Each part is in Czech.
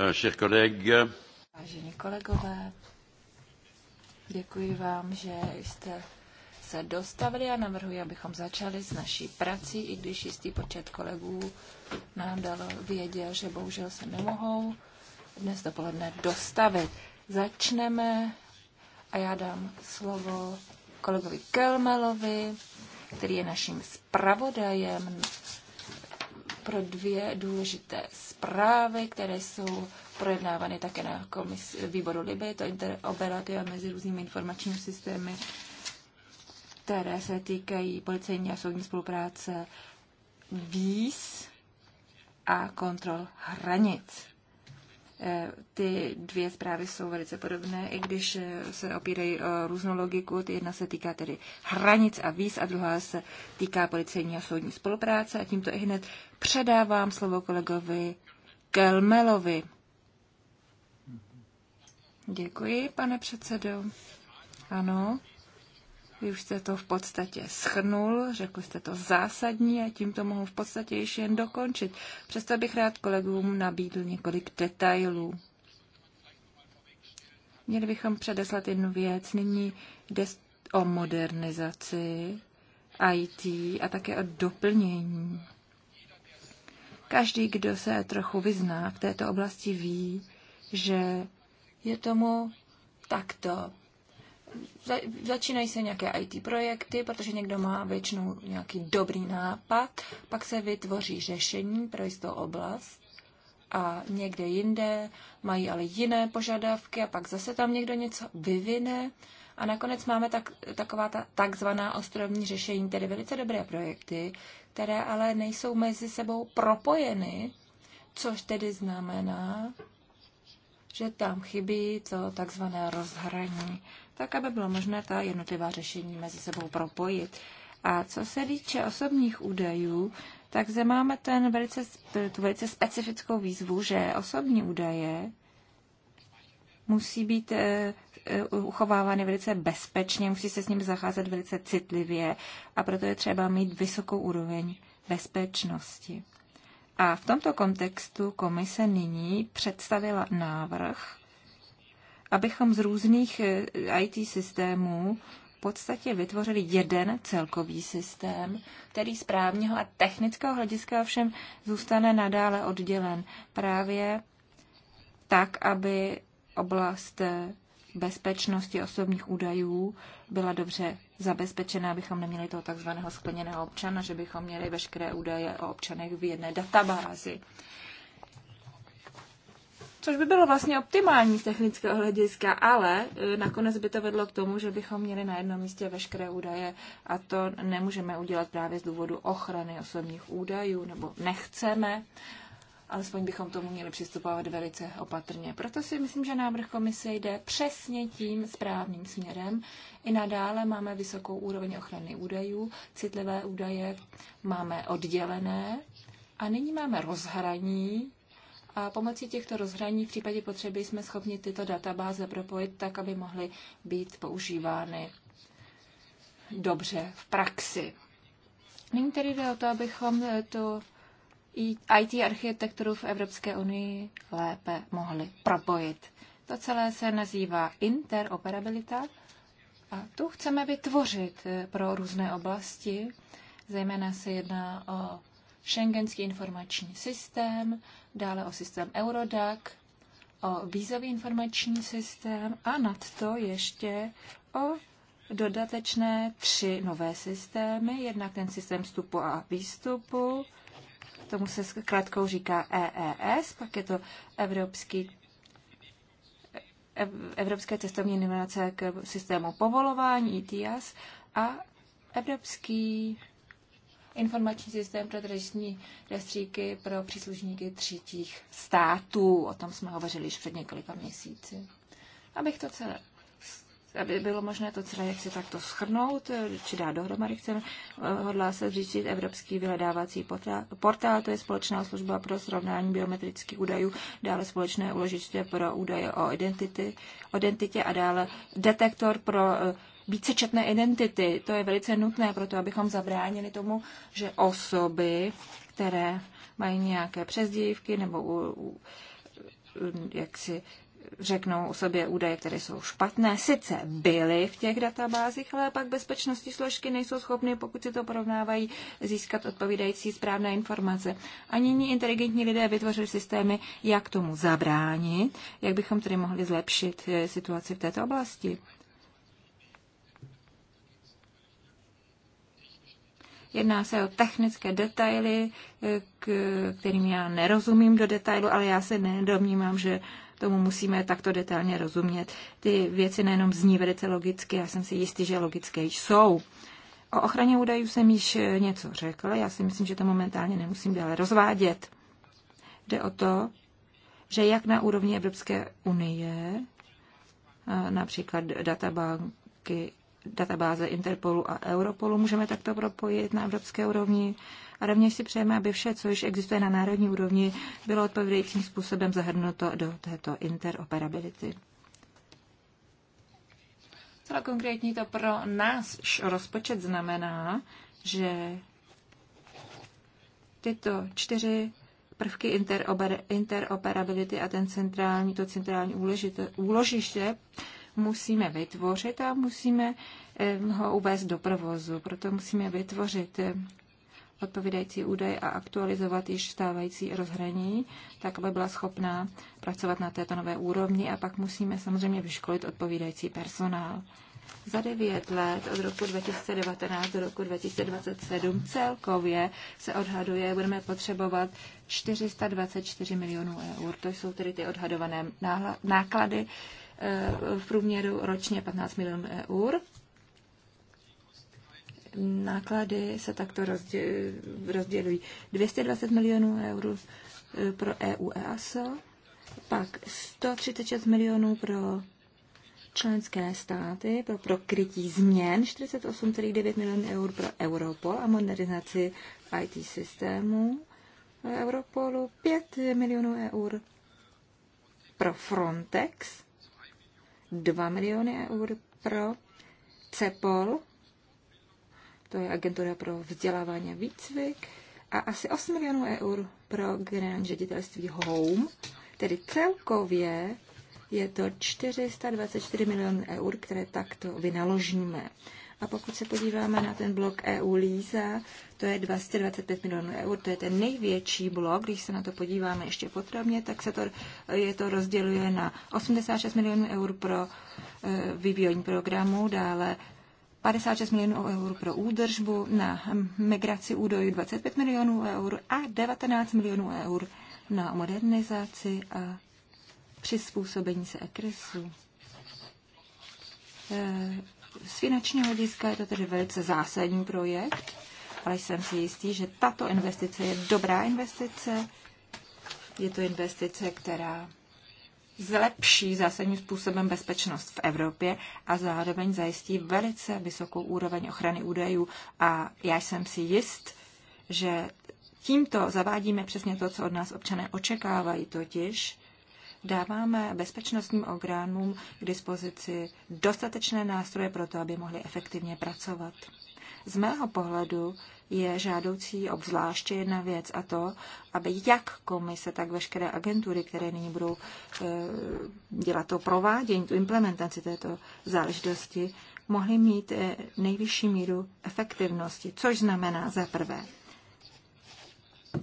Eh, chers collègues. Vážení kolegové, děkuji vám, že jste se dostavili a navrhuji, abychom začali s naší prací, i když jistý počet kolegů nám dal vědět, že bohužel se nemohou dnes dopoledne dostavit. Začneme a já dám slovo kolegovi Kelmelovi, který je naším zpravodajem pro dvě důležité zprávy, které jsou projednávány také na komisi, výboru Liby, to interoperativa mezi různými informačními systémy, které se týkají policejní a soudní spolupráce víz a kontrol hranic. Eh, ty dvě zprávy jsou velice podobné, i když eh, se opírají o různou logiku. Ty jedna se týká tedy hranic a víz a druhá se týká policejní a soudní spolupráce. A tímto i hned předávám slovo kolegovi Kelmelovi. Děkuji, pane předsedo. Ano, vy už jste to v podstatě schrnul, řekl jste to zásadní a tím to mohu v podstatě ještě jen dokončit. Přesto bych rád kolegům nabídl několik detailů. Měli bychom předeslat jednu věc. Nyní jde o modernizaci IT a také o doplnění. Každý, kdo se trochu vyzná v této oblasti, ví, že je tomu takto za, začínají se nějaké IT projekty, protože někdo má většinou nějaký dobrý nápad, pak se vytvoří řešení pro jistou oblast a někde jinde mají ale jiné požadavky a pak zase tam někdo něco vyvine a nakonec máme tak, taková ta takzvaná ostrovní řešení, tedy velice dobré projekty, které ale nejsou mezi sebou propojeny, což tedy znamená, že tam chybí to takzvané rozhraní tak aby bylo možné ta jednotlivá řešení mezi sebou propojit. A co se týče osobních údajů, tak zde máme ten velice, tu velice specifickou výzvu, že osobní údaje musí být eh, eh, uchovávány velice bezpečně, musí se s nimi zacházet velice citlivě a proto je třeba mít vysokou úroveň bezpečnosti. A v tomto kontextu komise nyní představila návrh, abychom z různých eh, IT systémů v podstatě vytvořili jeden celkový systém, který z právního a technického hlediska ovšem zůstane nadále oddělen právě tak, aby oblast eh, bezpečnosti osobních údajů byla dobře zabezpečena, abychom neměli toho takzvaného skleněného občana, že bychom měli veškeré údaje o občanech v jedné databázi což by bylo vlastně optimální z technického hlediska, ale e, nakonec by to vedlo k tomu, že bychom měli na jednom místě veškeré údaje a to nemůžeme udělat právě z důvodu ochrany osobních údajů, nebo nechceme, alespoň bychom tomu měli přistupovat velice opatrně. Proto si myslím, že návrh komise jde přesně tím správným směrem. I nadále máme vysokou úroveň ochrany údajů, citlivé údaje máme oddělené a nyní máme rozhraní a pomocí těchto rozhraní v případě potřeby jsme schopni tyto databáze propojit tak, aby mohly být používány dobře v praxi. Nyní tedy jde o to, abychom tu IT architekturu v Evropské unii lépe mohli propojit. To celé se nazývá interoperabilita a tu chceme vytvořit pro různé oblasti. Zejména se jedná o Schengenský informační systém, dále o systém Eurodac, o vízový informační systém a nad to ještě o dodatečné tři nové systémy. Jednak ten systém vstupu a výstupu, tomu se krátkou říká EES, pak je to Evropský Evropské cestovní nominace k systému povolování ETIAS a Evropský informační systém pro tržní rejstříky pro příslušníky třetích států. O tom jsme hovořili již před několika měsíci. Abych to celé aby bylo možné to celé jak jaksi takto schrnout, či dát dohromady, chceme, hodlá se zřídit Evropský vyhledávací portál, to je společná služba pro srovnání biometrických údajů, dále společné uložiště pro údaje o identity, identitě a dále detektor pro eh, vícečetné identity. To je velice nutné pro to, abychom zabránili tomu, že osoby, které mají nějaké přezdívky nebo u, u, jak si řeknou o sobě údaje, které jsou špatné, sice byly v těch databázích, ale pak bezpečnostní složky nejsou schopny, pokud si to porovnávají, získat odpovídající správné informace. Ani nyní inteligentní lidé vytvořili systémy, jak tomu zabránit, jak bychom tedy mohli zlepšit eh, situaci v této oblasti. Jedná se o technické detaily, eh, k, kterým já nerozumím do detailu, ale já se nedomnívám, že tomu musíme takto detailně rozumět. Ty věci nejenom zní velice logicky, já jsem si jistý, že logické jsou. O ochraně údajů jsem již eh, něco řekl, já si myslím, že to momentálně nemusím dále rozvádět. Jde o to, že jak na úrovni Evropské unie, například databanky databáze Interpolu a Europolu můžeme takto propojit na evropské úrovni a rovněž si přejeme, aby vše, co již existuje na národní úrovni, bylo odpovědajícím způsobem zahrnuto do této interoperability. Celá konkrétní to pro nás rozpočet znamená, že tyto čtyři prvky interoperability a ten centrální, to centrální úložiště musíme vytvořit a musíme eh, ho uvést do provozu. Proto musíme vytvořit eh, odpovídající údaje a aktualizovat již stávající rozhraní, tak aby byla schopná pracovat na této nové úrovni a pak musíme samozřejmě vyškolit odpovídající personál. Za devět let od roku 2019 do roku 2027 celkově se odhaduje, budeme potřebovat 424 milionů eur. To jsou tedy ty odhadované náklady Eh, v průměru ročně 15 milionů eur. Náklady se takto rozdělují 220 milionů eur eh, pro EU EASO, pak 136 milionů pro členské státy pro prokrytí změn 48,9 milionů eur pro Europol a modernizaci IT systému Europolu 5 milionů eur pro Frontex 2 miliony eur pro CEPOL, to je agentura pro vzdělávání a výcvik, a asi 8 milionů eur pro generální ředitelství Home, tedy celkově je to 424 milionů eur, které takto vynaložíme. A pokud se podíváme na ten blok EU Líza, to je 225 milionů eur, to je ten největší blok, když se na to podíváme ještě podrobně, tak se to, je to rozděluje na 86 milionů eur pro e, vyvíjení programu, dále 56 milionů eur pro údržbu, na migraci údojů 25 milionů eur a 19 milionů eur na modernizaci a přizpůsobení se ECRISu. E, z finančního hlediska je to tedy velice zásadní projekt, ale jsem si jistý, že tato investice je dobrá investice. Je to investice, která zlepší zásadním způsobem bezpečnost v Evropě a zároveň zajistí velice vysokou úroveň ochrany údajů. A já jsem si jist, že tímto zavádíme přesně to, co od nás občané očekávají, totiž dáváme bezpečnostním orgánům k dispozici dostatečné nástroje pro to, aby mohli efektivně pracovat. Z mého pohledu je žádoucí obzvláště jedna věc a to, aby jak komise, tak veškeré agentury, které nyní budou eh, dělat to provádění, tu implementaci této záležitosti, mohly mít eh, nejvyšší míru efektivnosti, což znamená za prvé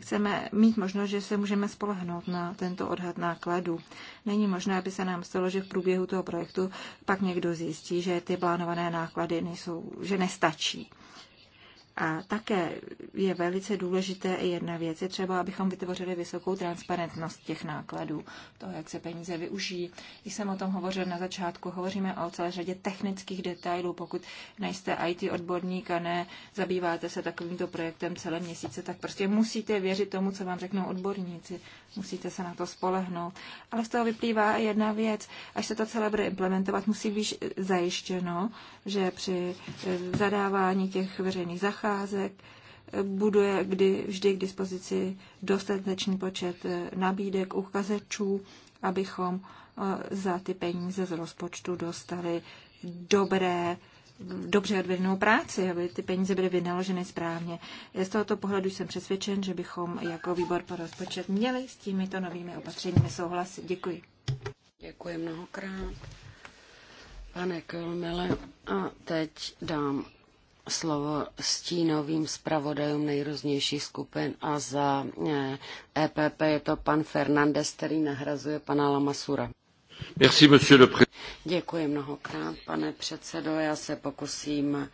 chceme mít možnost, že se můžeme spolehnout na tento odhad nákladů. Není možné, aby se nám stalo, že v průběhu toho projektu pak někdo zjistí, že ty plánované náklady nejsou, že nestačí. A také je velice důležité i jedna věc, je třeba, abychom vytvořili vysokou transparentnost těch nákladů, toho, jak se peníze využijí. Když jsem o tom hovořil na začátku, hovoříme o celé řadě technických detailů. Pokud nejste IT odborník a ne zabýváte se takovýmto projektem celé měsíce, tak prostě musíte věřit tomu, co vám řeknou odborníci. Musíte se na to spolehnout. Ale z toho vyplývá jedna věc. Až se to celé bude implementovat, musí být zajištěno, že při zadávání těch veřejných zachází zakázek buduje kdy, vždy k dispozici dostatečný počet eh, nabídek uchazečů, abychom eh, za ty peníze z rozpočtu dostali dobré, dobře odvedenou práci, aby ty peníze byly vynaloženy správně. Eh, z tohoto pohledu jsem přesvědčen, že bychom jako výbor pro rozpočet měli s těmito novými opatřeními souhlasit. Děkuji. Děkuji mnohokrát. Pane Kelmele, a teď dám slovo stínovým zpravodajům nejrůznějších skupin a za EPP eh, e je to pan Fernandez, který nahrazuje pana Lamasura. Merci, monsieur le Děkuji mnohokrát, pane předsedo. Já se pokusím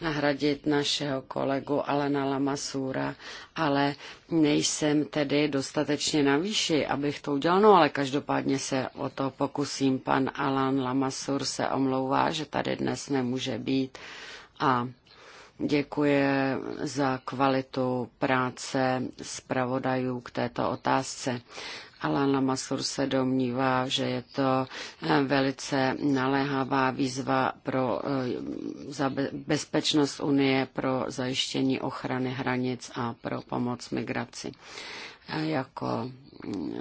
nahradit našeho kolegu Alena Lamasura, ale nejsem tedy dostatečně na výši, abych to udělal, no ale každopádně se o to pokusím. Pan Alan Lamasur se omlouvá, že tady dnes nemůže být a děkuje za kvalitu práce zpravodajů k této otázce. Alan Lamassur se domnívá, že je to eh, velice naléhavá výzva pro eh, za bezpečnost Unie, pro zajištění ochrany hranic a pro pomoc migraci. Jako eh,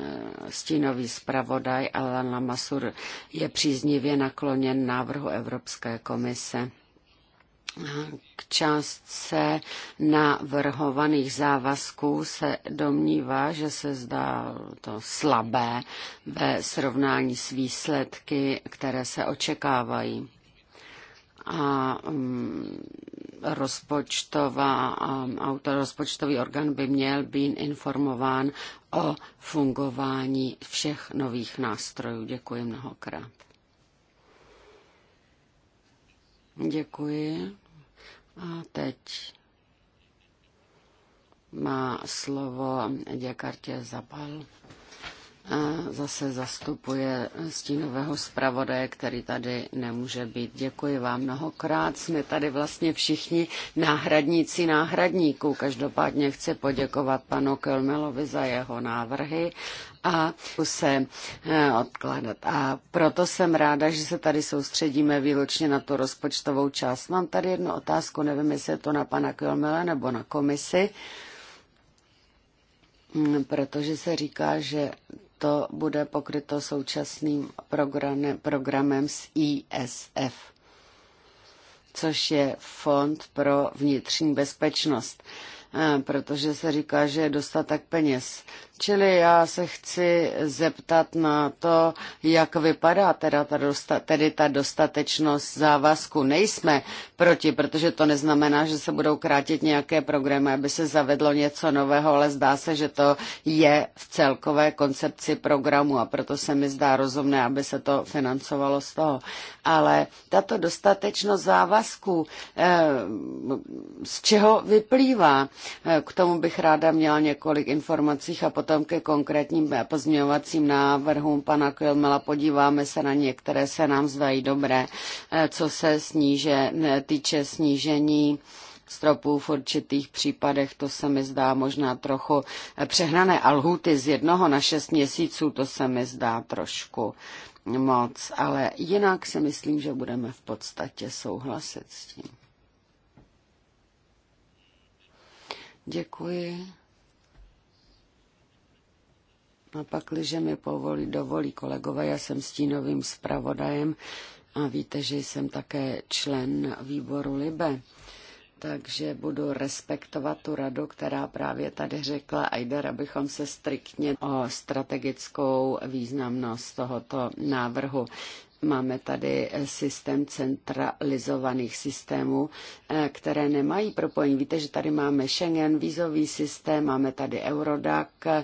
stínový zpravodaj Alan Lamassur je příznivě nakloněn návrhu Evropské komise k částce navrhovaných závazků se domnívá, že se zdá to slabé ve srovnání s výsledky, které se očekávají. A um, rozpočtová, um, autor, rozpočtový orgán by měl být informován o fungování všech nových nástrojů. Děkuji mnohokrát. Děkuji. A teď má slovo Děkartě Zapal zase zastupuje stínového zpravodaje, který tady nemůže být. Děkuji vám mnohokrát. Jsme tady vlastně všichni náhradníci náhradníků. Každopádně chci poděkovat panu Kelmelovi za jeho návrhy a se eh, odkládat. A proto jsem ráda, že se tady soustředíme výločně na tu rozpočtovou část. Mám tady jednu otázku, nevím, jestli je to na pana Kelmela nebo na komisi, hm, protože se říká, že to bude pokryto současným programem, z ISF, což je Fond pro vnitřní bezpečnost, eh, protože se říká, že je dostatek peněz. Čili já se chci zeptat na to, jak vypadá teda ta dosta, tedy ta dostatečnost závazku. Nejsme proti, protože to neznamená, že se budou krátit nějaké programy, aby se zavedlo něco nového, ale zdá se, že to je v celkové koncepci programu a proto se mi zdá rozumné, aby se to financovalo z toho. Ale tato dostatečnost závazku, eh, z čeho vyplývá? Eh, k tomu bych ráda měla několik informací a potom potom ke konkrétním pozměňovacím návrhům pana Kilmela podíváme se na některé, se nám zdají dobré, eh, co se sníže, týče snížení stropů v určitých případech, to se mi zdá možná trochu eh, přehnané. A lhuty z jednoho na šest měsíců, to se mi zdá trošku moc, ale jinak si myslím, že budeme v podstatě souhlasit s tím. Děkuji. A pakliže mi povolí, dovolí kolegové, já jsem stínovým zpravodajem a víte, že jsem také člen výboru LIBE takže budu respektovat tu radu, která právě tady řekla Aider, abychom se striktně o strategickou významnost tohoto návrhu. Máme tady eh, systém centralizovaných systémů, eh, které nemají propojení. Víte, že tady máme Schengen, vízový systém, máme tady Eurodac eh,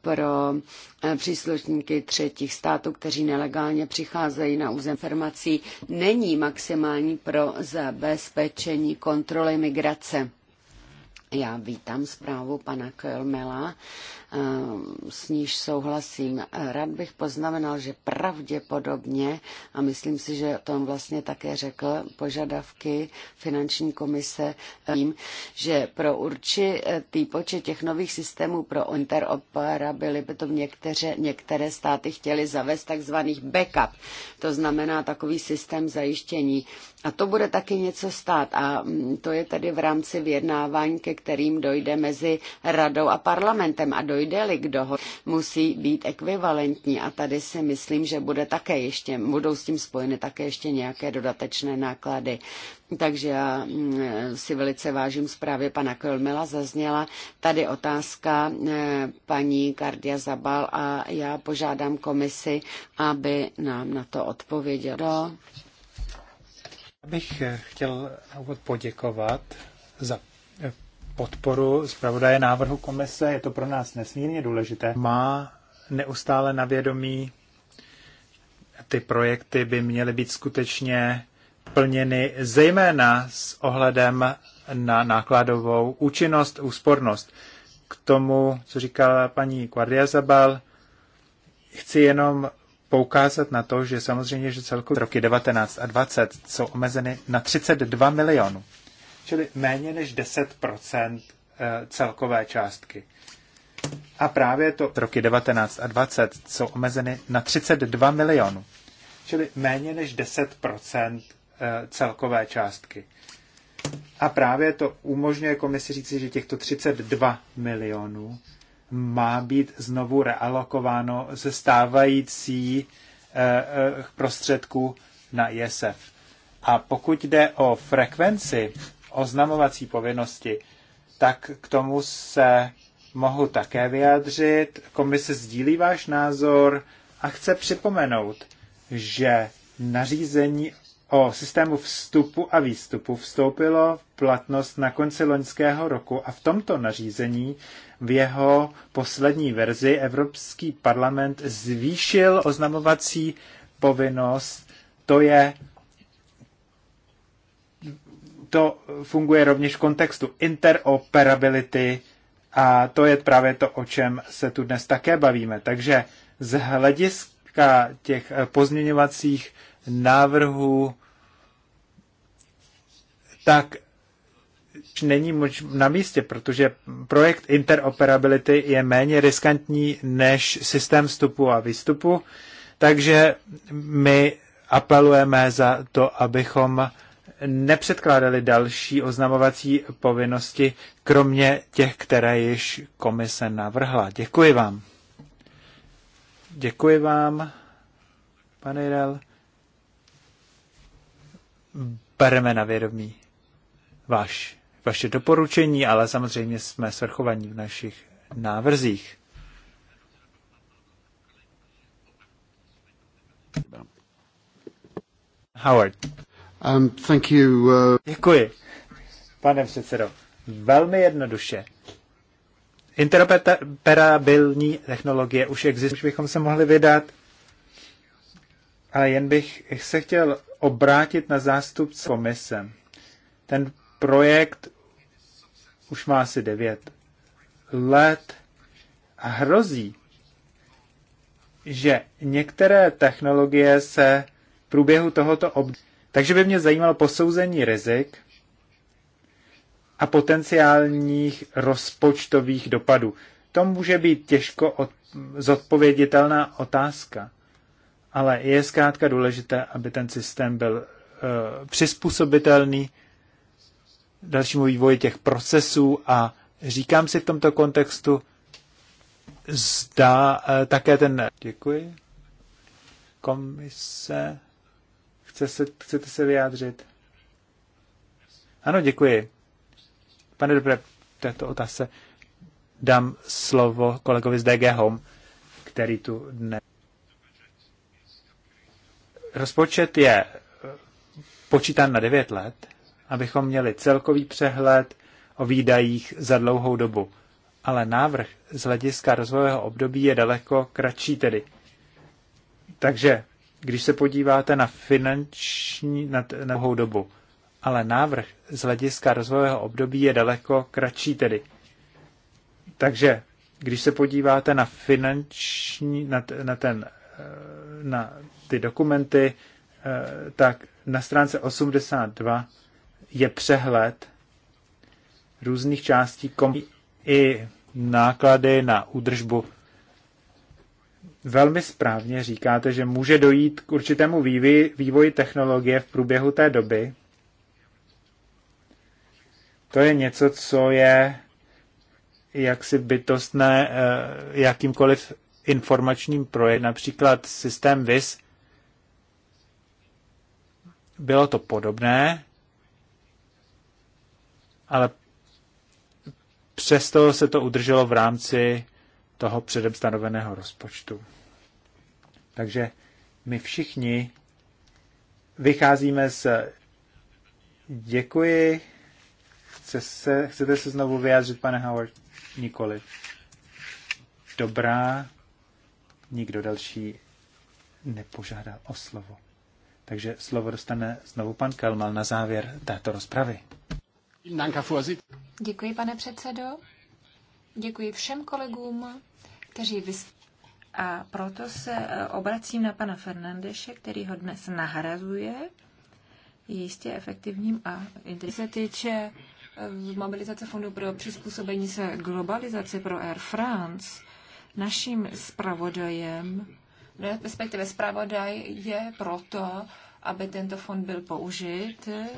pro příslušníky třetích států, kteří nelegálně přicházejí na území farmací. Není maximální pro zabezpečení kontroly migrace. Já vítám zprávu pana Kölmela, eh, s níž souhlasím. Rád bych poznamenal, že pravděpodobně, a myslím si, že o tom vlastně také řekl požadavky finanční komise, tím, eh, že pro určitý počet těch nových systémů pro interoperability by to některé, některé státy chtěly zavést takzvaných backup, to znamená takový systém zajištění. A to bude taky něco stát a mm, to je tady v rámci vyjednávání, ke kterým dojde mezi radou a parlamentem a dojde-li k dohodě, musí být ekvivalentní a tady si myslím, že bude také ještě, budou s tím spojeny také ještě nějaké dodatečné náklady. Takže já mm, si velice vážím zprávy pana Kölmela. Zazněla tady otázka eh, paní Kardia Zabal a já požádám komisi, aby nám na to odpověděla. Bych eh, chtěl poděkovat za podporu zpravodaje návrhu komise, je to pro nás nesmírně důležité. Má neustále na vědomí, ty projekty by měly být skutečně plněny zejména s ohledem na nákladovou účinnost, úspornost. K tomu, co říkala paní Zabal, chci jenom poukázat na to, že samozřejmě, že celkově roky 19 a 20 jsou omezeny na 32 milionů čili méně než 10 eh, celkové částky. A právě to roky 19 a 20 jsou omezeny na 32 milionů, čili méně než 10 eh, celkové částky. A právě to umožňuje komisi říci, že těchto 32 milionů má být znovu realokováno ze stávající eh, prostředků na ISF. A pokud jde o frekvenci oznamovací povinnosti, tak k tomu se mohu také vyjádřit. Komise sdílí váš názor a chce připomenout, že nařízení o systému vstupu a výstupu vstoupilo v platnost na konci loňského roku a v tomto nařízení v jeho poslední verzi Evropský parlament zvýšil oznamovací povinnost, to je to funguje rovněž v kontextu interoperability a to je právě to, o čem se tu dnes také bavíme. Takže z hlediska těch pozměňovacích návrhů, tak není moč na místě, protože projekt interoperability je méně riskantní než systém vstupu a výstupu, takže my apelujeme za to, abychom nepředkládali další oznamovací povinnosti, kromě těch, které již komise navrhla. Děkuji vám. Děkuji vám, pane Jirel. Bereme na vědomí vaš, vaše doporučení, ale samozřejmě jsme svrchovaní v našich návrzích. Howard. Um, thank you, uh... Děkuji, pane předsedo. Velmi jednoduše. Interoperabilní technologie už existují, už bychom se mohli vydat. Ale jen bych se chtěl obrátit na zástupce komise. Ten projekt už má asi devět let a hrozí, že některé technologie se v průběhu tohoto období takže by mě zajímalo posouzení rizik a potenciálních rozpočtových dopadů. To může být těžko od, zodpověditelná otázka, ale je zkrátka důležité, aby ten systém byl uh, přizpůsobitelný dalšímu vývoji těch procesů a říkám si v tomto kontextu, zdá uh, eh, také ten... Děkuji. Komise Chce se, chcete se vyjádřit? Ano, děkuji. Pane dobré, této otázce dám slovo kolegovi z DG Home, který tu dne. Rozpočet je eh, počítán na 9 let, abychom měli celkový přehled o výdajích za dlouhou dobu. Ale návrh z hlediska rozvojového období je daleko kratší tedy. Takže když se podíváte na finanční, na, na dlouhou dobu. Ale návrh z hlediska rozvojového období je daleko kratší tedy. Takže když se podíváte na finanční, na, na, ten, eh, na ty dokumenty, eh, tak na stránce 82 je přehled různých částí kom- i náklady na údržbu velmi správně říkáte, že může dojít k určitému vývoji, vývoji technologie v průběhu té doby. To je něco, co je jaksi bytostné eh, jakýmkoliv informačním projektem. například systém VIS, bylo to podobné, ale přesto se to udrželo v rámci toho předem stanoveného rozpočtu. Takže my všichni vycházíme z děkuji. Chce se, chcete se znovu vyjádřit, pane Howard? Nikoli. Dobrá. Nikdo další nepožádá o slovo. Takže slovo dostane znovu pan Kelmal na závěr této rozpravy. Děkuji, pane předsedo. Děkuji všem kolegům kteří vys- a proto se e, obracím na pana Fernandeše, který ho dnes nahrazuje, je jistě efektivním a intenzivním. se týče e, mobilizace fondu pro přizpůsobení se globalizaci pro Air France, naším zpravodajem, respektive zpravodaj je proto, aby tento fond byl použit e,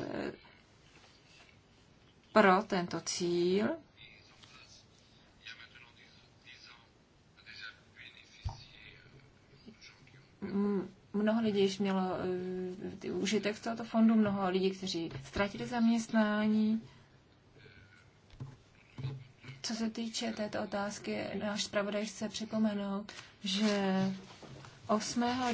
pro tento cíl Mnoho lidí již mělo uh, užitek z tohoto fondu, mnoho lidí, kteří ztratili zaměstnání. Co se týče této otázky, náš zpravodaj chce připomenout, že 8.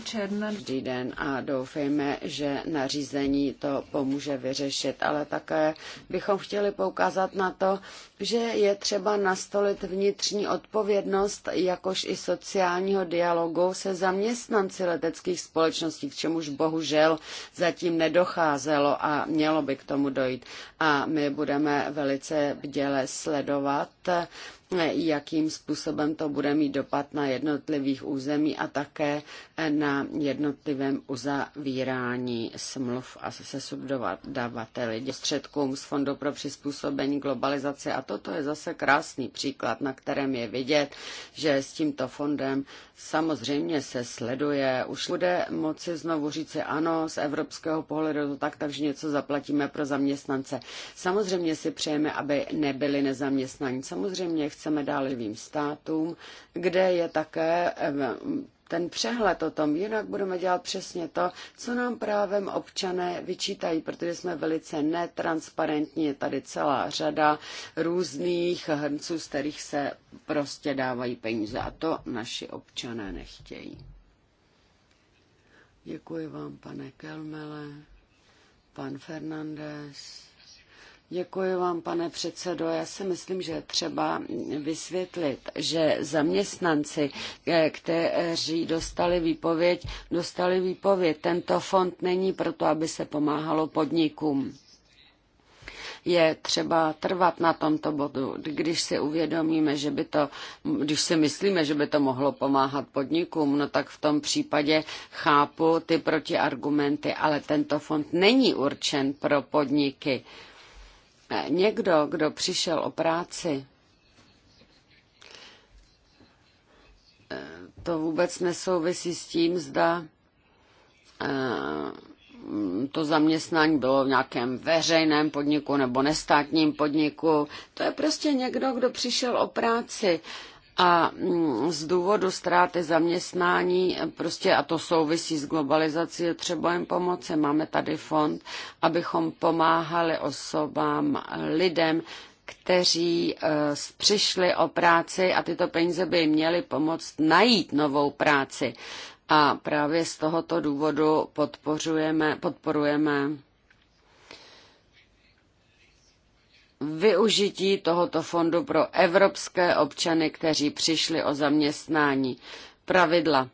června každý den a doufejme, že nařízení to pomůže vyřešit, ale také bychom chtěli poukázat na to, že je třeba nastolit vnitřní odpovědnost, jakož i sociálního dialogu se zaměstnanci leteckých společností, k čemuž bohužel zatím nedocházelo a mělo by k tomu dojít. A my budeme velice bděle sledovat jakým způsobem to bude mít dopad na jednotlivých území a také na jednotlivém uzavírání smluv a se subdodavateli Středkům z Fondu pro přizpůsobení globalizace A toto je zase krásný příklad, na kterém je vidět, že s tímto fondem samozřejmě se sleduje. Už bude moci znovu říci ano, z evropského pohledu to tak, takže něco zaplatíme pro zaměstnance. Samozřejmě si přejeme, aby nebyli nezaměstnaní samozřejmě chceme dát lidým státům, kde je také ten přehled o tom, jinak budeme dělat přesně to, co nám právem občané vyčítají, protože jsme velice netransparentní, je tady celá řada různých hrnců, z kterých se prostě dávají peníze a to naši občané nechtějí. Děkuji vám, pane Kelmele, pan Fernandez. Děkuji vám, pane předsedo. Já si myslím, že třeba vysvětlit, že zaměstnanci, eh, kteří dostali výpověď, dostali výpověď. Tento fond není proto, aby se pomáhalo podnikům je třeba trvat na tomto bodu. Když si uvědomíme, že by to, když si myslíme, že by to mohlo pomáhat podnikům, no tak v tom případě chápu ty protiargumenty, ale tento fond není určen pro podniky. Eh, někdo, kdo přišel o práci, eh, to vůbec nesouvisí s tím, zda eh, to zaměstnání bylo v nějakém veřejném podniku nebo nestátním podniku. To je prostě někdo, kdo přišel o práci a mm, z důvodu ztráty zaměstnání, prostě a to souvisí s globalizací, je třeba jim pomoci. Máme tady fond, abychom pomáhali osobám, lidem, kteří e, přišli o práci a tyto peníze by jim měly pomoct najít novou práci. A právě z tohoto důvodu podporujeme, podporujeme využití tohoto fondu pro evropské občany, kteří přišli o zaměstnání. Pravidla.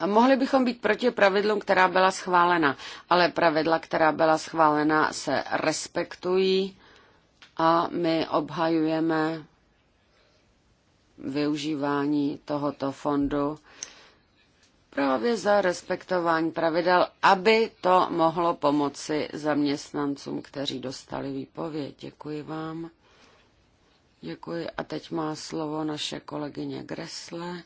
A mohli bychom být proti pravidlům, která byla schválena, ale pravidla, která byla schválena, se respektují a my obhajujeme využívání tohoto fondu právě za respektování pravidel, aby to mohlo pomoci zaměstnancům, kteří dostali výpověď. Děkuji vám. Děkuji. A teď má slovo naše kolegyně Gresle.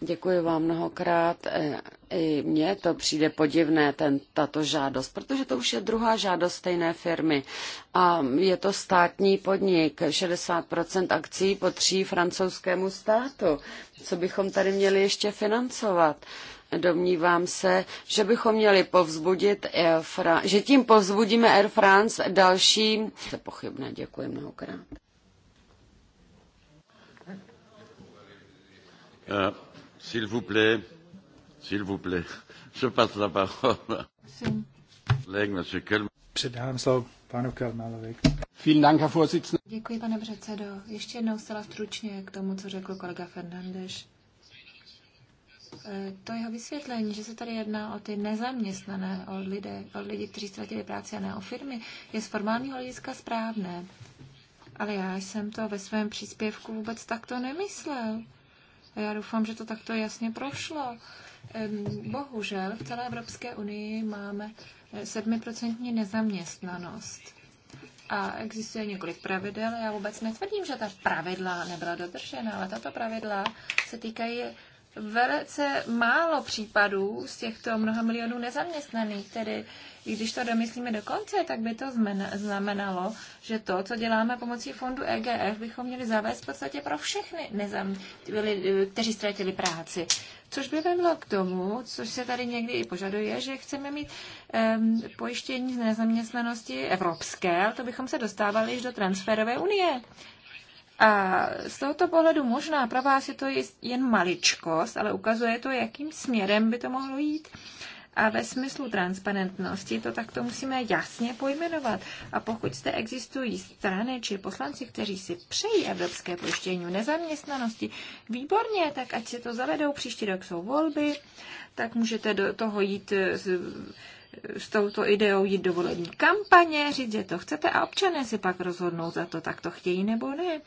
Děkuji vám mnohokrát. E, I mně to přijde podivné, ten, tato žádost, protože to už je druhá žádost stejné firmy. A je to státní podnik, 60% akcí patří francouzskému státu. Co bychom tady měli ještě financovat? Domnívám se, že bychom měli povzbudit Air France, že tím povzbudíme Air France dalším. Se pochybné, děkuji mnohokrát. Uh, s'il vous plaît, s'il vous plaît, je passe la parole. Předávám slovo panu Kelmalovi. Děkuji, pane předsedo. Ještě jednou stala stručně k tomu, co řekl kolega Fernandez. Eh, to jeho vysvětlení, že se tady jedná o ty nezaměstnané, o, lidé, o lidi, kteří ztratili práci a ne o firmy, je z formálního hlediska správné. Ale já jsem to ve svém příspěvku vůbec takto nemyslel. A já doufám, že to takto jasně prošlo. Bohužel v celé Evropské unii máme 7% eh, nezaměstnanost. A existuje několik pravidel. Já vůbec netvrdím, že ta pravidla nebyla dodržena, ale tato pravidla se týkají velice málo případů z těchto mnoha milionů nezaměstnaných, tedy i když to domyslíme do konce, tak by to znamenalo, že to, co děláme pomocí fondu EGF, bychom měli zavést v podstatě pro všechny, nezam, eh, kteří ztratili práci. Což by vedlo k tomu, což se tady někdy i požaduje, že chceme mít um, pojištění z nezaměstnanosti evropské, ale to bychom se dostávali již do transferové unie. A z tohoto pohledu možná pro vás je to jen maličkost, ale ukazuje to, jakým směrem by to mohlo jít. A ve smyslu transparentnosti to takto musíme jasně pojmenovat. A pokud zde existují strany či poslanci, kteří si přejí evropské pojištění nezaměstnanosti, výborně, tak ať se to zavedou příští rok jsou volby, tak můžete do toho jít s touto ideou jít do volební kampaně, říct, že to chcete a občané si pak rozhodnou za to, tak to chtějí nebo ne.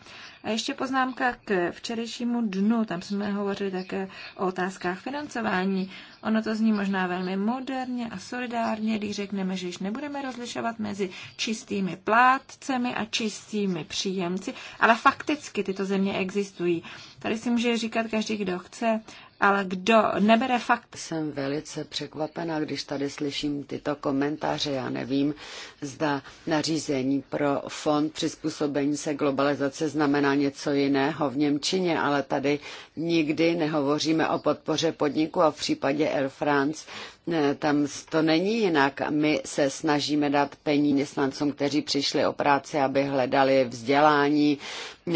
A ještě poznámka k včerejšímu dnu, tam jsme hovořili také o otázkách financování. Ono to zní možná velmi moderně a solidárně, když řekneme, že již nebudeme rozlišovat mezi čistými plátcemi a čistými příjemci, ale fakticky tyto země existují. Tady si může říkat každý, kdo chce, ale kdo nebere fakt... Jsem velice překvapená, když tady slyším tyto komentáře. Já nevím, zda nařízení pro fond přizpůsobení se globalizace znamená něco jiného v Němčině, ale tady nikdy nehovoříme o podpoře podniku a v případě Air France ne, tam to není jinak. My se snažíme dát peníze městnancům, kteří přišli o práci, aby hledali vzdělání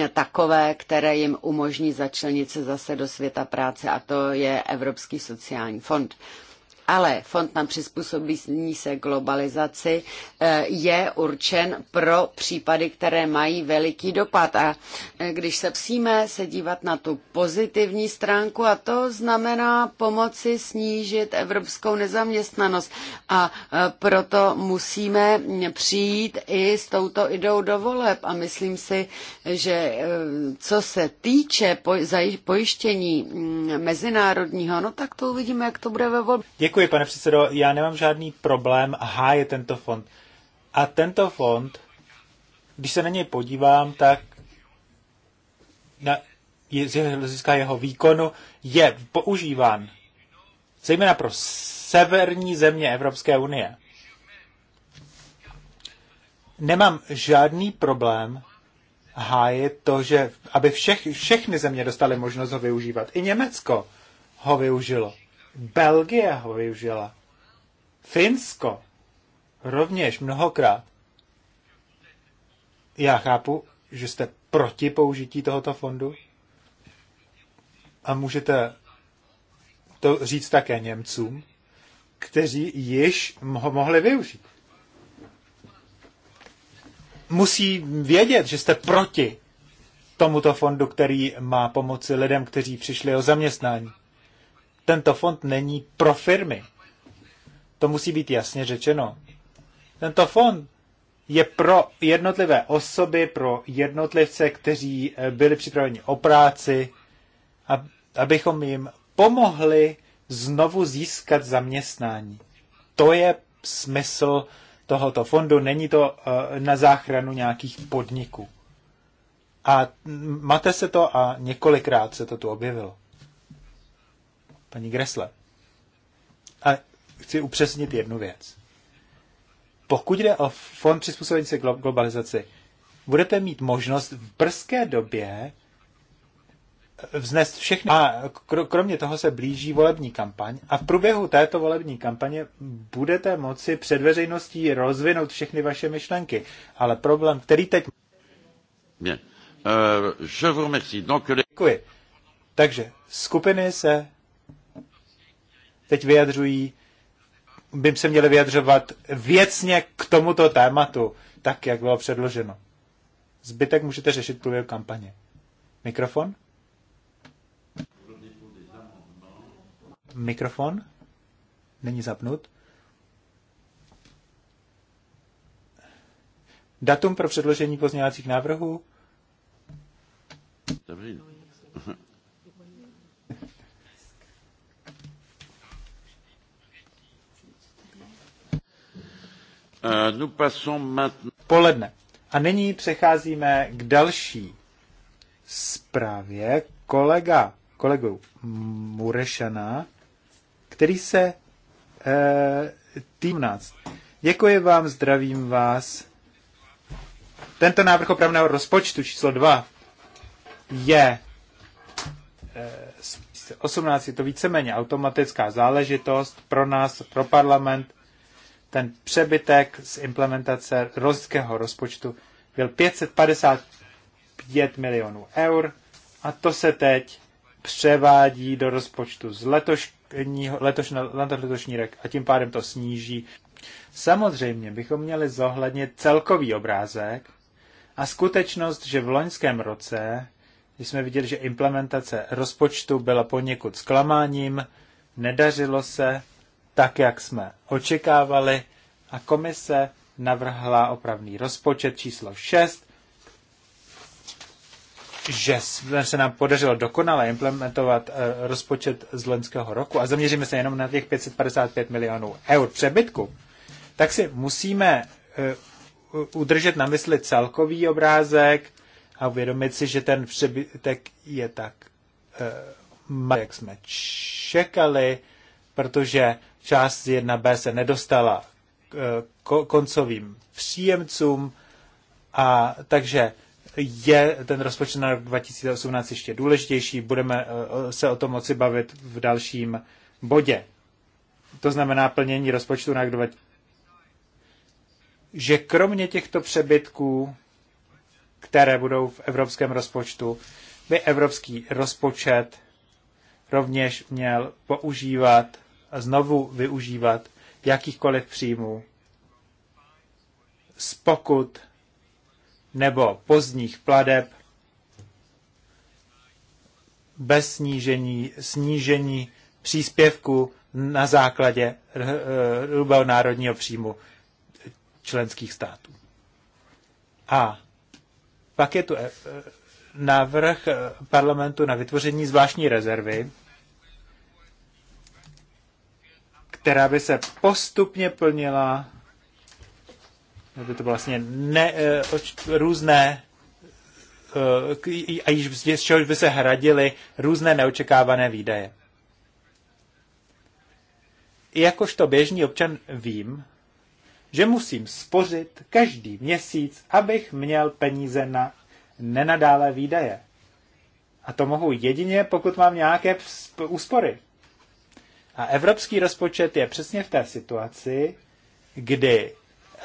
eh, takové, které jim umožní začlenit se zase do světa práce a to je Evropský sociální fond ale fond na přizpůsobení se globalizaci eh, je určen pro případy, které mají veliký dopad. A eh, když se psíme se dívat na tu pozitivní stránku, a to znamená pomoci snížit evropskou nezaměstnanost. A eh, proto musíme přijít i s touto ideou do voleb. A myslím si, že co se týče pojištění mm, mezinárodního, no tak to uvidíme, jak to bude ve volbě. Děkuji, pane předsedo. Já nemám žádný problém háje tento fond. A tento fond, když se na něj podívám, tak na, z hlediska jeho výkonu je používán zejména pro severní země Evropské unie. Nemám žádný problém hájit to, že aby všech, všechny země dostaly možnost ho využívat. I Německo ho využilo. Belgie ho využila. Finsko rovněž mnohokrát. Já chápu, že jste proti použití tohoto fondu a můžete to říct také Němcům, kteří již ho mohli využít. Musí vědět, že jste proti tomuto fondu, který má pomoci lidem, kteří přišli o zaměstnání tento fond není pro firmy. To musí být jasně řečeno. Tento fond je pro jednotlivé osoby, pro jednotlivce, kteří eh, byli připraveni o práci, abychom jim pomohli znovu získat zaměstnání. To je smysl tohoto fondu, není to eh, na záchranu nějakých podniků. A máte se to a několikrát se to tu objevilo paní Gresle. A chci upřesnit jednu věc. Pokud jde o fond přizpůsobení se globalizaci, budete mít možnost v brzké době vznést všechny. A kromě toho se blíží volební kampaň a v průběhu této volební kampaně budete moci před veřejností rozvinout všechny vaše myšlenky. Ale problém, který teď... Bien. Uh, je vous remercie. Donc... Děkuji. Takže skupiny se teď vyjadřují, by se měli vyjadřovat věcně k tomuto tématu, tak, jak bylo předloženo. Zbytek můžete řešit průběhu kampaně. Mikrofon? Mikrofon? Není zapnut. Datum pro předložení pozměňovacích návrhů? Dobrý. Eh, Poledne. A nyní přecházíme k další zprávě kolega, kolegu Murešana, který se eh, nás. Děkuji vám, zdravím vás. Tento návrh opravného rozpočtu číslo 2 je 18, eh, je to víceméně automatická záležitost pro nás, pro parlament ten přebytek z implementace rozského rozpočtu byl 555 milionů eur a to se teď převádí do rozpočtu z letošního, letošní, letošní rok a tím pádem to sníží. Samozřejmě bychom měli zohlednit celkový obrázek a skutečnost, že v loňském roce jsme viděli, že implementace rozpočtu byla poněkud zklamáním, nedařilo se tak, jak jsme očekávali a komise navrhla opravný rozpočet číslo 6, že se nám podařilo dokonale implementovat eh, rozpočet z loňského roku a zaměříme se jenom na těch 555 milionů eur přebytku, tak si musíme eh, udržet na mysli celkový obrázek a uvědomit si, že ten přebytek je tak, eh, jak jsme čekali, protože část z 1B se nedostala k eh, koncovým příjemcům, a takže je ten rozpočet na rok 2018 ještě důležitější, budeme eh, se o tom moci bavit v dalším bodě. To znamená plnění rozpočtu na rok 2018. Že kromě těchto přebytků, které budou v evropském rozpočtu, by evropský rozpočet rovněž měl používat znovu využívat jakýchkoliv příjmů z pokut nebo pozdních pladeb bez snížení, snížení příspěvku na základě hrubého eh, eh, národního příjmu členských států. A pak je tu eh, návrh parlamentu na vytvoření zvláštní rezervy, která by se postupně plnila, by to bylo vlastně ne, eh, různé eh, a již z čehož by se hradily různé neočekávané výdaje. I jakožto běžný občan vím, že musím spořit každý měsíc, abych měl peníze na nenadále výdaje. A to mohu jedině, pokud mám nějaké úspory. A evropský rozpočet je přesně v té situaci, kdy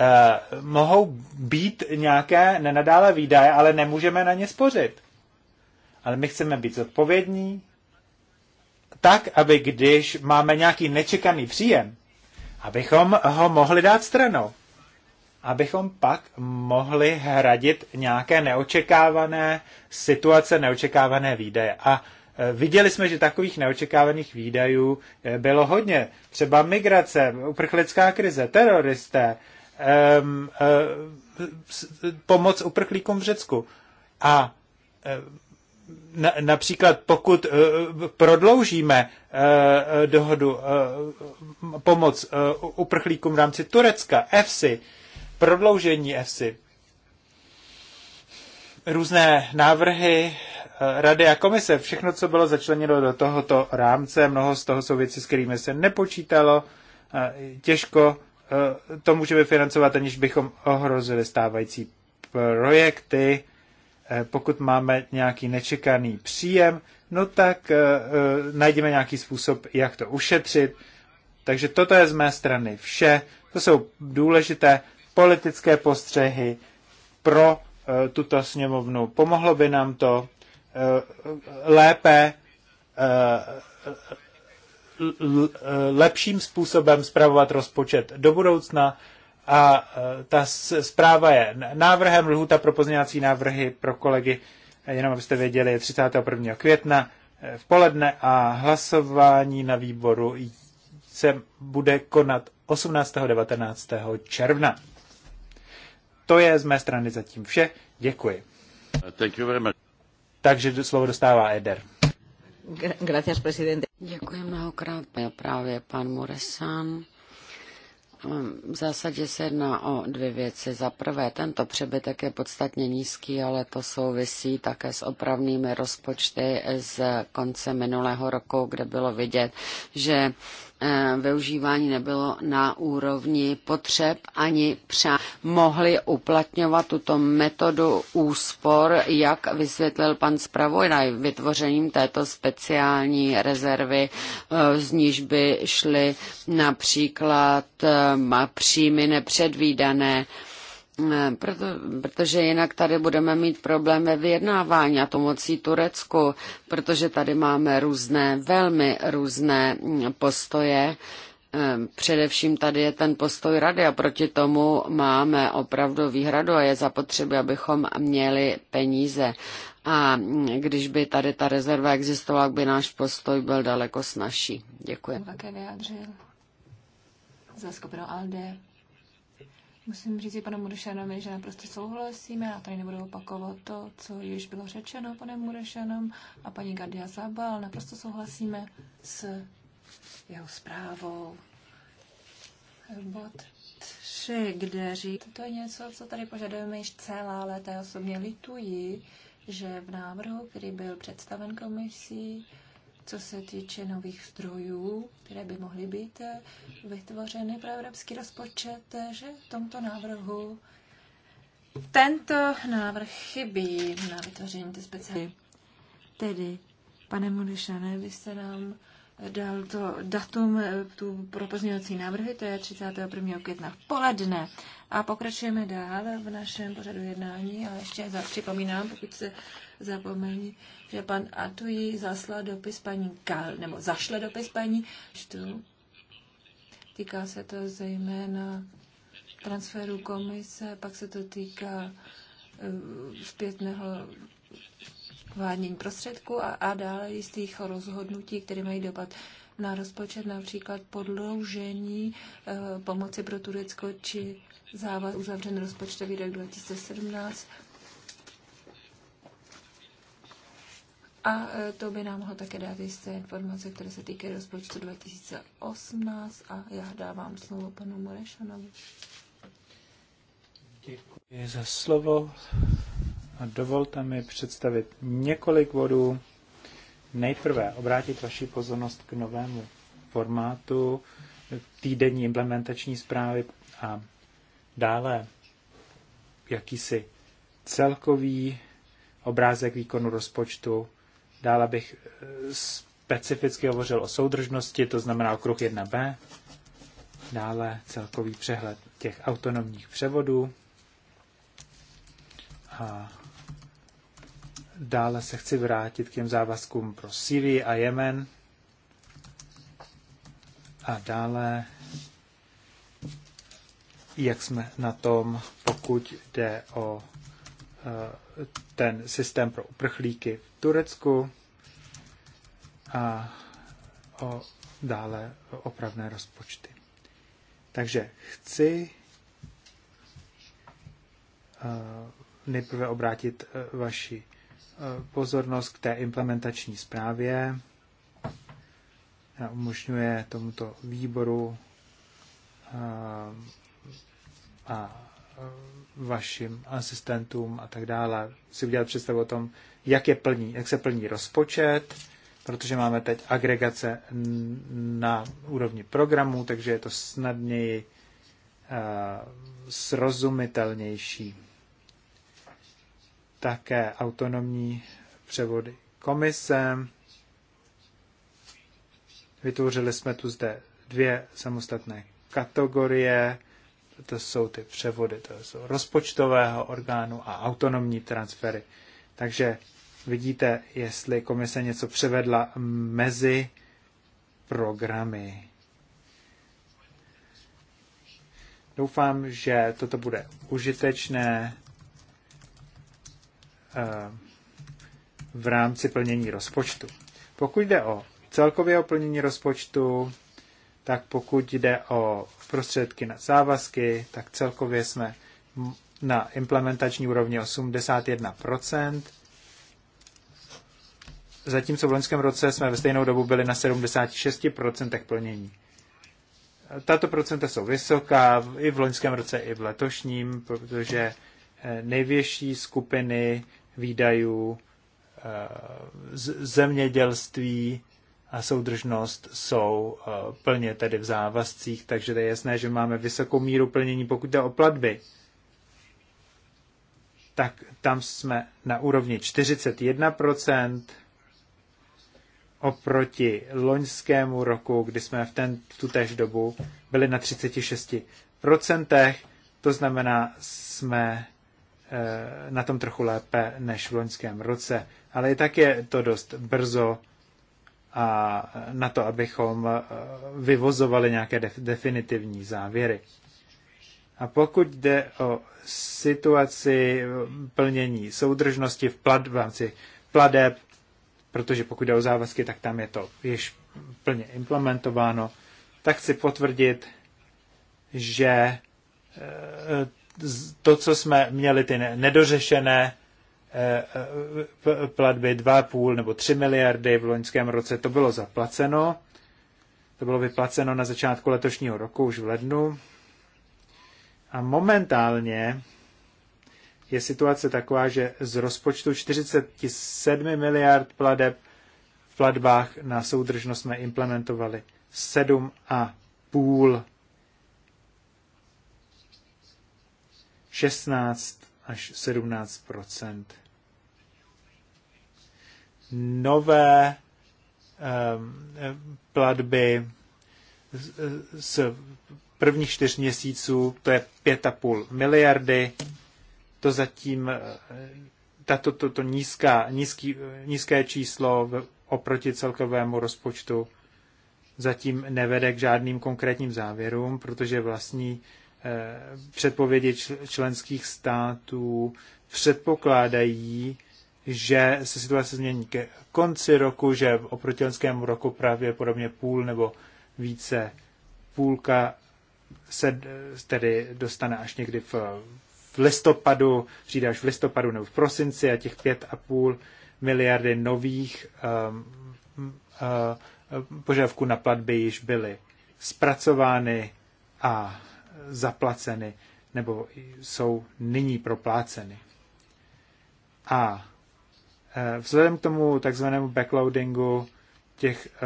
uh, mohou být nějaké nenadále výdaje, ale nemůžeme na ně spořit. Ale my chceme být zodpovědní, tak, aby když máme nějaký nečekaný příjem, abychom ho mohli dát stranou. Abychom pak mohli hradit nějaké neočekávané situace, neočekávané výdaje. A Eh, viděli jsme, že takových neočekávaných výdajů eh, bylo hodně. Třeba migrace, uprchlická krize, teroristé, eh, pomoc uprchlíkům v Řecku. A na, například pokud uh, prodloužíme uh, dohodu uh, pomoc uh, uprchlíkům v rámci Turecka, EFSI, prodloužení EFSI, různé návrhy Eh, Rady a komise, všechno, co bylo začleněno do tohoto rámce, mnoho z toho jsou věci, s kterými se nepočítalo, eh, těžko eh, to můžeme financovat, aniž bychom ohrozili stávající projekty. Pokud máme nějaký nečekaný příjem, no tak najdeme nějaký způsob, jak to ušetřit. Takže toto je z mé strany vše. To jsou důležité politické postřehy pro tuto sněmovnu. Pomohlo by nám to Eh, lépe eh, lepším způsobem zpravovat rozpočet do budoucna a eh, ta zpráva je návrhem lhuta pro pozměňovací návrhy pro kolegy, jenom abyste věděli, je 31. května v poledne a hlasování na výboru se bude konat 18. 19. června. To je z mé strany zatím vše. Děkuji. Thank you very much. Takže slovo dostává Eder. Gracias, presidente. Děkuji mnohokrát, právě pan Muresan. Ehm, v zásadě se jedná o dvě věci. Za prvé, tento přebytek je podstatně nízký, ale to souvisí také s opravnými rozpočty z konce minulého roku, kde bylo vidět, že Eh, využívání nebylo na úrovni potřeb ani přá. Mohli uplatňovat tuto metodu úspor, jak vysvětlil pan zpravodaj, vytvořením této speciální rezervy, eh, z níž by šly například eh, příjmy nepředvídané, proto, protože jinak tady budeme mít problémy vyjednávání a to mocí Turecku, protože tady máme různé, velmi různé mm, postoje. Eh, především tady je ten postoj rady a proti tomu máme opravdu výhradu a je zapotřebí, abychom měli peníze. A mm, když by tady ta rezerva existovala, by náš postoj byl daleko snažší. Děkuji. Také vyjádřil ALDE Musím říct i panu Murešanovi, že naprosto souhlasíme, a tady nebudu opakovat to, co již bylo řečeno panem Murešanom a paní Gardia Zabal, naprosto souhlasíme s jeho zprávou. Bod 3, kde říct, to je něco, co tady požadujeme již celá léta. Já osobně lituji, že v návrhu, který byl představen komisí, co se týče nových zdrojů, které by mohly být eh, vytvořeny pro evropský rozpočet, eh, že v tomto návrhu tento návrh chybí na vytvoření ty speciální. Tedy, pane Mudešane, vy jste nám dal to datum eh, tu pro pozměňovací návrhy, to je 31. května v poledne. A pokračujeme dál v našem pořadu jednání a ještě připomínám, pokud se zapomení, že pan Atuji zaslal dopis paní Kal, nebo zašle dopis paní Štu. Týká se to zejména transferu komise, pak se to týká eh, zpětného uvádění prostředků a, a dále jistých rozhodnutí, které mají dopad na rozpočet, například podloužení e, pomoci pro Turecko či závaz uzavřen rozpočtový rok 2017. A e, to by nám mohlo také dát jisté informace, které se týkají rozpočtu 2018 a já dávám slovo panu Morešanovi. Děkuji za slovo a dovolte mi představit několik bodů. Nejprve obrátit vaši pozornost k novému formátu týdenní implementační zprávy a dále jakýsi celkový obrázek výkonu rozpočtu. Dále bych eh, specificky hovořil o soudržnosti, to znamená okruh 1b. Dále celkový přehled těch autonomních převodů a Dále se chci vrátit k těm závazkům pro Syrii a Jemen. A dále, jak jsme na tom, pokud jde o eh, ten systém pro uprchlíky v Turecku a o dále opravné rozpočty. Takže chci eh, nejprve obrátit eh, vaši pozornost k té implementační zprávě, umožňuje tomuto výboru eh, a vašim asistentům a tak dále si udělat představu o tom, jak, je plní, jak se plní rozpočet, protože máme teď agregace na úrovni programu, takže je to snadněji eh, srozumitelnější také autonomní převody komise. Vytvořili jsme tu zde dvě samostatné kategorie. To jsou ty převody, to jsou rozpočtového orgánu a autonomní transfery. Takže vidíte, jestli komise něco převedla mezi programy. Doufám, že toto bude užitečné v rámci plnění rozpočtu. Pokud jde o celkově o plnění rozpočtu, tak pokud jde o prostředky na závazky, tak celkově jsme na implementační úrovni 81%, zatímco v loňském roce jsme ve stejnou dobu byli na 76% plnění. Tato procenta jsou vysoká i v loňském roce, i v letošním, protože Eh, největší skupiny výdajů eh, zemědělství a soudržnost jsou eh, plně tedy v závazcích, takže to je jasné, že máme vysokou míru plnění, pokud jde o platby. Tak tam jsme na úrovni 41% oproti loňskému roku, kdy jsme v, ten, tutéž dobu byli na 36%. To znamená, jsme Eh, na tom trochu lépe než v loňském roce. Ale i tak je to dost brzo a na to, abychom eh, vyvozovali nějaké definitivní závěry. A pokud jde o situaci plnění soudržnosti v, plat, v rámci pladeb, protože pokud jde o závazky, tak tam je to již plně implementováno, tak chci potvrdit, že eh, to, co jsme měli, ty nedořešené eh, eh, platby 2,5 nebo 3 miliardy v loňském roce, to bylo zaplaceno. To bylo vyplaceno na začátku letošního roku, už v lednu. A momentálně je situace taková, že z rozpočtu 47 miliard plateb v platbách na soudržnost jsme implementovali 7,5 16 až 17 Nové ehm, platby z prvních čtyř měsíců, to je 5,5 miliardy. To zatím, eh, tato to, to nízká, nízký, nízké číslo oproti celkovému rozpočtu zatím nevede k žádným konkrétním závěrům, protože vlastní Eh, předpovědi členských států předpokládají, že se situace změní ke konci roku, že oproti loňskému roku pravděpodobně půl nebo více půlka se tedy dostane až někdy v, v listopadu, přijde až v listopadu nebo v prosinci a těch 5,5 miliardy nových um, uh, požadavků na platby již byly zpracovány a zaplaceny nebo jsou nyní propláceny. A e, vzhledem k tomu takzvanému backloadingu těch e,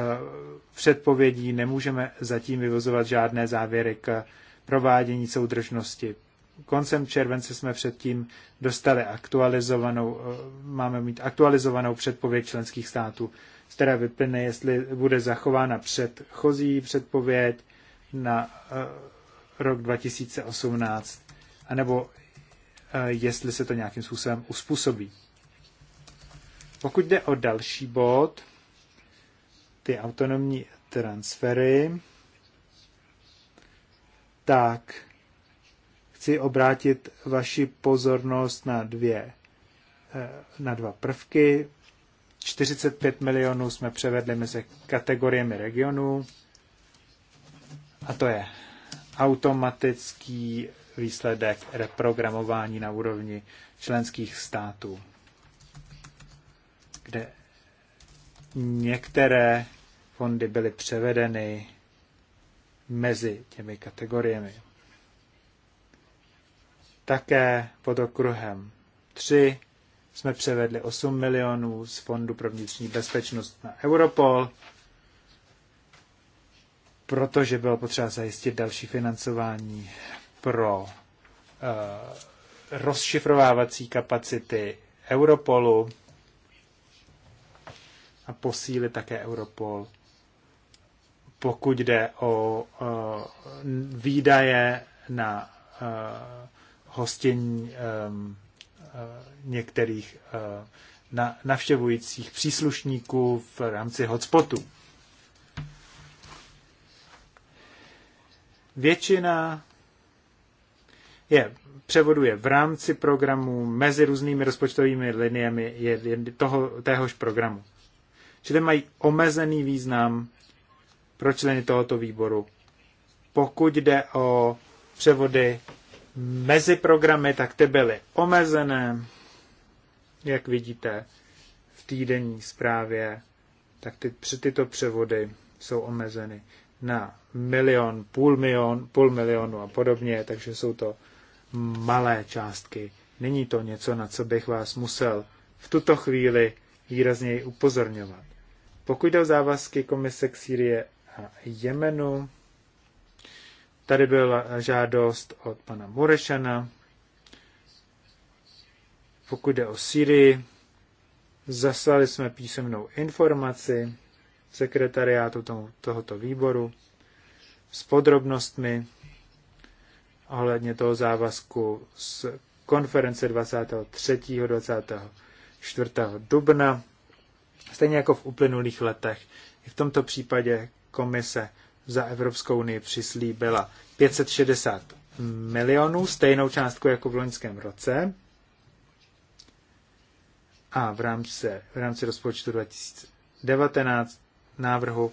předpovědí nemůžeme zatím vyvozovat žádné závěry k provádění soudržnosti. Koncem července jsme předtím dostali aktualizovanou, e, máme mít aktualizovanou předpověď členských států, z které vyplyne, jestli bude zachována předchozí předpověď na rok 2018, anebo eh, jestli se to nějakým způsobem uspůsobí. Pokud jde o další bod, ty autonomní transfery, tak chci obrátit vaši pozornost na dvě, eh, na dva prvky. 45 milionů jsme převedli mezi kategoriemi regionů a to je automatický výsledek reprogramování na úrovni členských států, kde některé fondy byly převedeny mezi těmi kategoriemi. Také pod okruhem 3 jsme převedli 8 milionů z Fondu pro vnitřní bezpečnost na Europol protože bylo potřeba zajistit další financování pro eh, rozšifrovávací kapacity Europolu a posílit také Europol, pokud jde o eh, výdaje na eh, hostění některých na navštěvujících příslušníků v rámci hotspotu. Většina je, převodu je v rámci programu mezi různými rozpočtovými liniemi je, je toho, téhož programu. Čili mají omezený význam pro členy tohoto výboru. Pokud jde o převody mezi programy, tak ty byly omezené, jak vidíte v týdenní zprávě, tak ty, tyto převody jsou omezeny na milion, půl, milion, půl milionu a podobně, takže jsou to malé částky. Není to něco, na co bych vás musel v tuto chvíli výrazněji upozorňovat. Pokud jde o závazky komise k Sýrie a Jemenu, tady byla žádost od pana Murešana. Pokud jde o Sýrii, zaslali jsme písemnou informaci sekretariátu tomu, tohoto výboru s podrobnostmi ohledně toho závazku z konference 23. 24. dubna, stejně jako v uplynulých letech. I v tomto případě komise za Evropskou unii přislíbila 560 milionů, stejnou částku jako v loňském roce. A v rámci, v rámci rozpočtu 2019 návrhu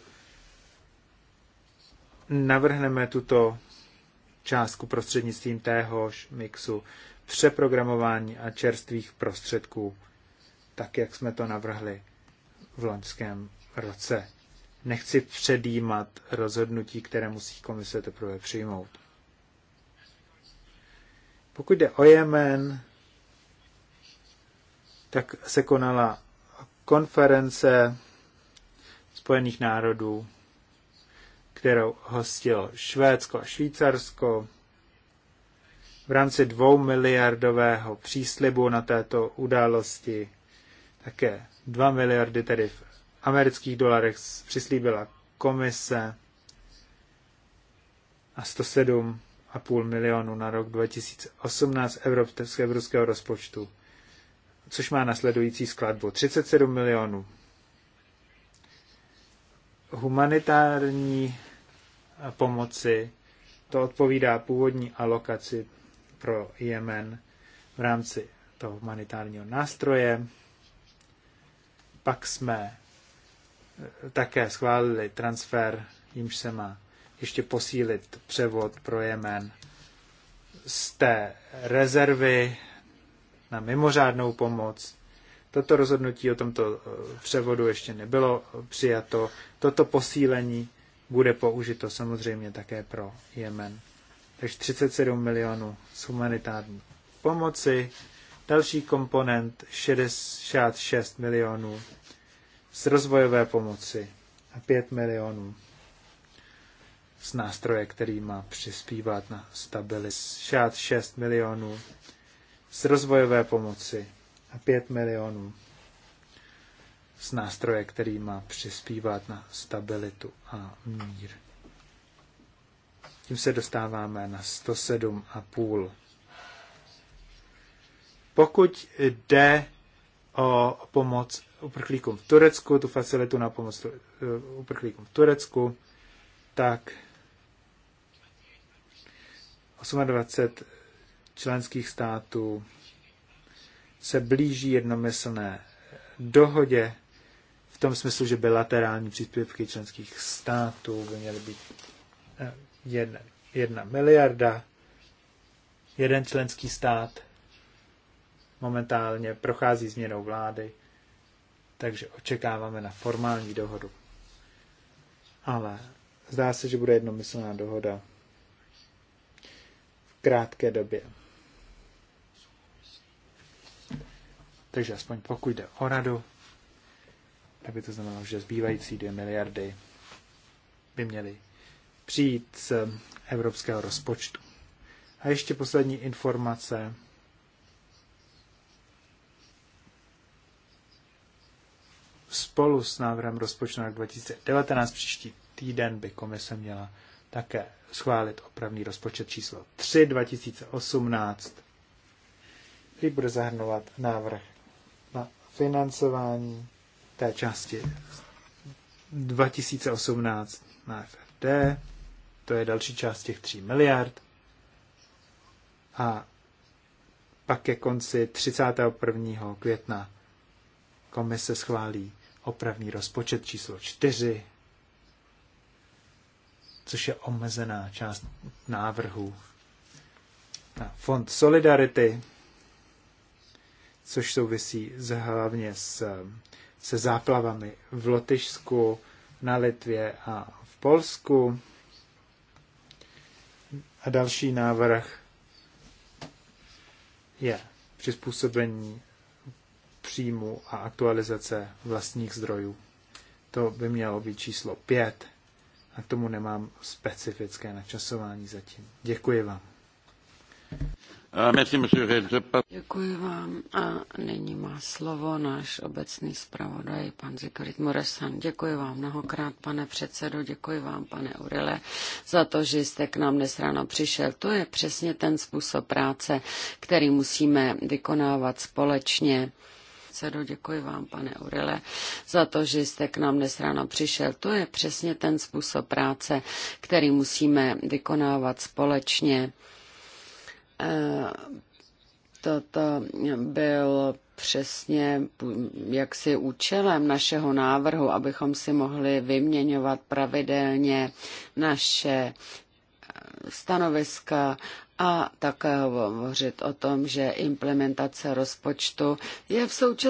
navrhneme tuto částku prostřednictvím téhož mixu přeprogramování a čerstvých prostředků, tak jak jsme to navrhli v loňském roce. Nechci předjímat rozhodnutí, které musí komise teprve přijmout. Pokud jde o Jemen, tak se konala konference Spojených národů, kterou hostilo Švédsko a Švýcarsko. V rámci dvou miliardového příslibu na této události také 2 miliardy tedy v amerických dolarech přislíbila komise a 107,5 milionů na rok 2018 evropského, evropského rozpočtu, což má nasledující skladbu 37 milionů humanitární pomoci to odpovídá původní alokaci pro Jemen v rámci toho humanitárního nástroje. Pak jsme eh, také schválili transfer, jimž se má ještě posílit převod pro Jemen z té rezervy na mimořádnou pomoc. Toto rozhodnutí o tomto eh, převodu ještě nebylo eh, přijato toto posílení bude použito samozřejmě také pro Jemen. Takže 37 milionů z humanitární pomoci, další komponent 66 milionů z rozvojové pomoci a 5 milionů z nástroje, který má přispívat na stabilizaci. 66 milionů z rozvojové pomoci a 5 milionů z nástroje, který má přispívat na stabilitu a mír. Tím se dostáváme na 107,5. Pokud jde o pomoc uprchlíkům v Turecku, tu facilitu na pomoc eh, uprchlíkům v Turecku, tak 28 členských států se blíží jednomyslné dohodě v tom smyslu, že bilaterální příspěvky členských států by měly být eh, jedna, jedna miliarda, jeden členský stát momentálně prochází změnou vlády, takže očekáváme na formální dohodu. Ale zdá se, že bude jednomyslná dohoda v krátké době. Takže aspoň pokud jde o radu, tak by to znamenalo, že zbývající dvě miliardy by měly přijít z eh, evropského rozpočtu. A ještě poslední informace. Spolu s návrhem rozpočtu na 2019 příští týden by komise měla také schválit opravný rozpočet číslo 3 2018, který bude zahrnovat návrh na financování té části 2018 na FFD, to je další část těch 3 miliard. A pak ke konci 31. května komise schválí opravný rozpočet číslo 4, což je omezená část návrhu na fond Solidarity, což souvisí hlavně s se záplavami v Lotyšsku, na Litvě a v Polsku. A další návrh je přizpůsobení příjmu a aktualizace vlastních zdrojů. To by mělo být číslo 5 a k tomu nemám specifické načasování zatím. Děkuji vám. Děkuji vám. A nyní má slovo náš obecný zpravodaj, pan Zikorit Muresan. Děkuji vám mnohokrát, pane předsedo, děkuji vám, pane Urile, za to, že jste k nám dnes ráno přišel. To je přesně ten způsob práce, který musíme vykonávat společně předsedo, děkuji vám, pane Urile, za to, že jste k nám dnes ráno přišel. To je přesně ten způsob práce, který musíme vykonávat společně. Eh, toto byl přesně jaksi účelem našeho návrhu, abychom si mohli vyměňovat pravidelně naše eh, stanoviska a také hovořit o tom, že implementace rozpočtu je v současnosti